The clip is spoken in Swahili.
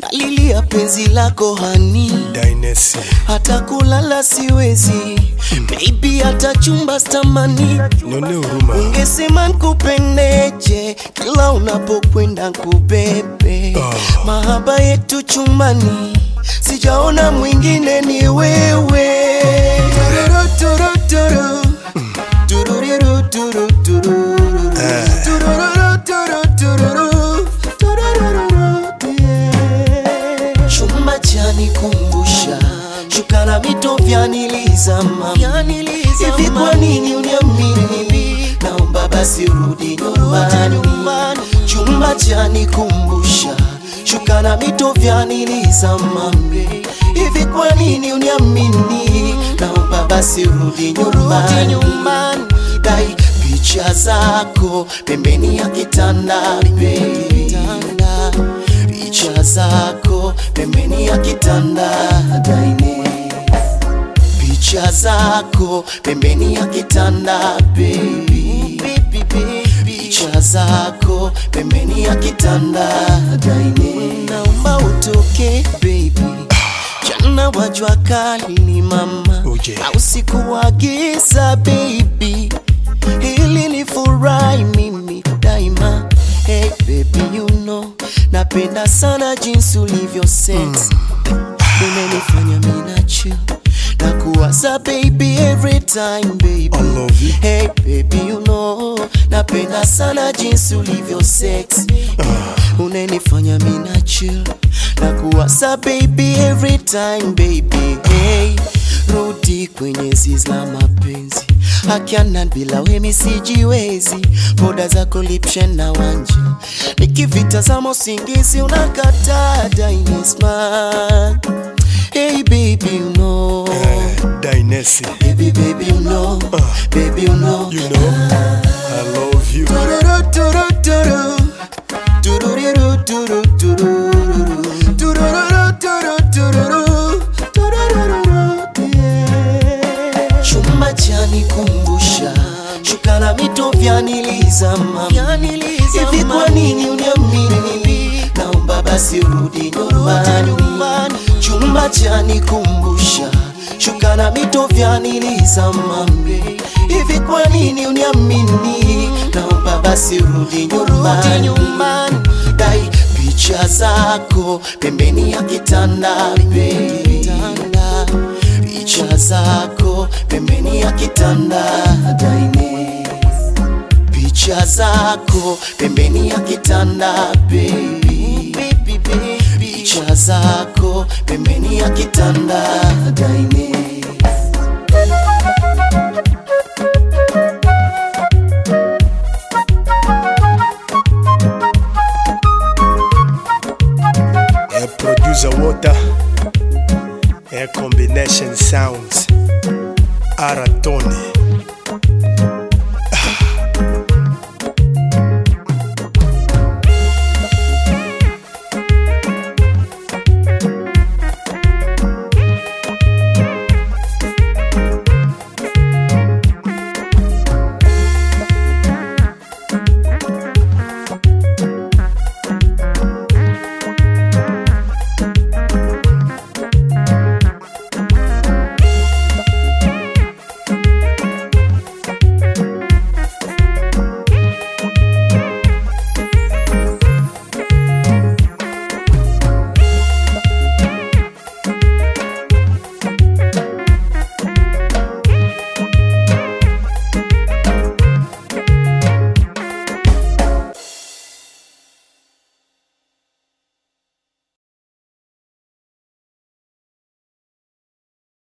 nalilia penzi lako hani, hata kulala siwezi, baby hata chumba stamani, ungesema nkupendeje kila unapokwenda nkubebe, ah. mahaba yetu chumani, sijaona mwingine ni kutazama hivi, kwa nini uniamini? Naomba basi urudi nyumbani, chumba cha nikumbusha shuka na mito vya nilizama hivi, kwa nini uniamini? Naomba basi urudi nyumbani, dai picha zako pembeni ya kitanda picha zako pembeni ya kitanda daini kucha zako pembeni ya kitanda baby, kucha zako pembeni ya kitanda daini, naomba utoke baby jana wajua kali mama au siku wa giza baby, hili ni furahi mimi daima. Hey baby you know, napenda sana jinsi ulivyo set, hmm. unanifanya mina chill nakuwaza baby every time baby. I love you. Hey baby you know napenda sana jinsi ulivyo sexy uh. Ah. Unenifanya mina chill nakuwaza baby every time baby. Hey rudi kwenye zizi la mapenzi akianan bila wemi sijiwezi, poda zako lipshen na wanja, nikivitazama usingizi unakata dainisma Nesi. Baby, baby, you know. Uh, baby, you know. You know. I love you. Chumba chanikumbusha shuka hivi kwa nini uniamini? Naomba basi rudi nyumbani, chumba chanikumbusha na mito vya vyanilizama mbe hivi, kwa nini uniamini? Naomba basi rudi nyumbani, dai picha zako pembeni ya kitanda, baby, picha zako pembeni ya kitanda, daini picha zako pembeni ya kitanda, baby, baby, picha zako pembeni ya kitanda, daini a producer water air combination sounds aratone